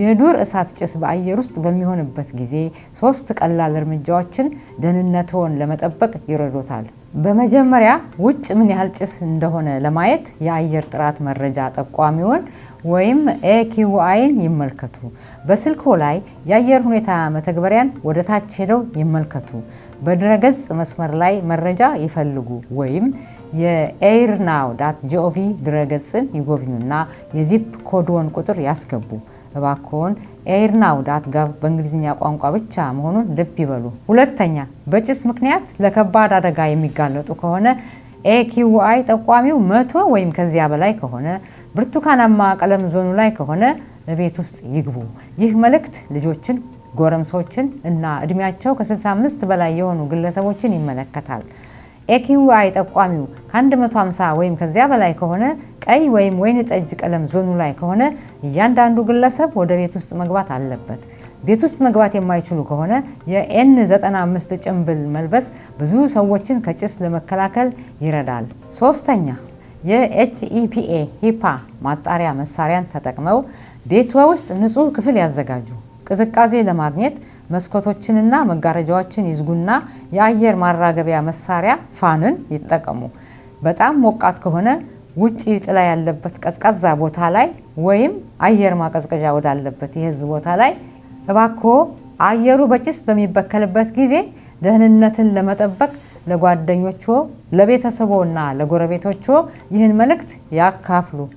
የዱር እሳት ጭስ በአየር ውስጥ በሚሆንበት ጊዜ ሶስት ቀላል እርምጃዎችን ደህንነትዎን ለመጠበቅ ይረዶታል። በመጀመሪያ ውጭ ምን ያህል ጭስ እንደሆነ ለማየት የአየር ጥራት መረጃ ጠቋሚውን ወይም ኤኪዩአይን ይመልከቱ። በስልክዎ ላይ የአየር ሁኔታ መተግበሪያን ወደ ታች ሄደው ይመልከቱ። በድረገጽ መስመር ላይ መረጃ ይፈልጉ ወይም የኤይርናው ዳት ጂኦቪ ድረገጽን ይጎብኙና የዚፕ ኮድዎን ቁጥር ያስገቡ። እባክዎን ኤርናውድ አትጋቭ በእንግሊዝኛ ቋንቋ ብቻ መሆኑን ልብ ይበሉ። ሁለተኛ በጭስ ምክንያት ለከባድ አደጋ የሚጋለጡ ከሆነ ኤኪዩአይ ጠቋሚው መቶ ወይም ከዚያ በላይ ከሆነ ብርቱካናማ ቀለም ዞኑ ላይ ከሆነ ቤት ውስጥ ይግቡ። ይህ መልእክት ልጆችን፣ ጎረምሶችን እና እድሜያቸው ከ65 በላይ የሆኑ ግለሰቦችን ይመለከታል። ኤኪዩአይ ጠቋሚው ከ150 ወይም ከዚያ በላይ ከሆነ ቀይ ወይም ወይን ጠጅ ቀለም ዞኑ ላይ ከሆነ እያንዳንዱ ግለሰብ ወደ ቤት ውስጥ መግባት አለበት። ቤት ውስጥ መግባት የማይችሉ ከሆነ የኤን 95 ጭንብል መልበስ ብዙ ሰዎችን ከጭስ ለመከላከል ይረዳል። ሶስተኛ የኤችኢፒኤ ሂፓ ማጣሪያ መሳሪያን ተጠቅመው ቤትዎ ውስጥ ንጹህ ክፍል ያዘጋጁ። ቅዝቃዜ ለማግኘት መስኮቶችንና መጋረጃዎችን ይዝጉና የአየር ማራገቢያ መሳሪያ ፋንን ይጠቀሙ። በጣም ሞቃት ከሆነ ውጪ ጥላ ያለበት ቀዝቃዛ ቦታ ላይ ወይም አየር ማቀዝቀዣ ወዳለበት የህዝብ ቦታ ላይ እባክዎ አየሩ በጭስ በሚበከልበት ጊዜ ደህንነትን ለመጠበቅ ለጓደኞችዎ፣ ለቤተሰቦና ለጎረቤቶችዎ ይህን መልእክት ያካፍሉ።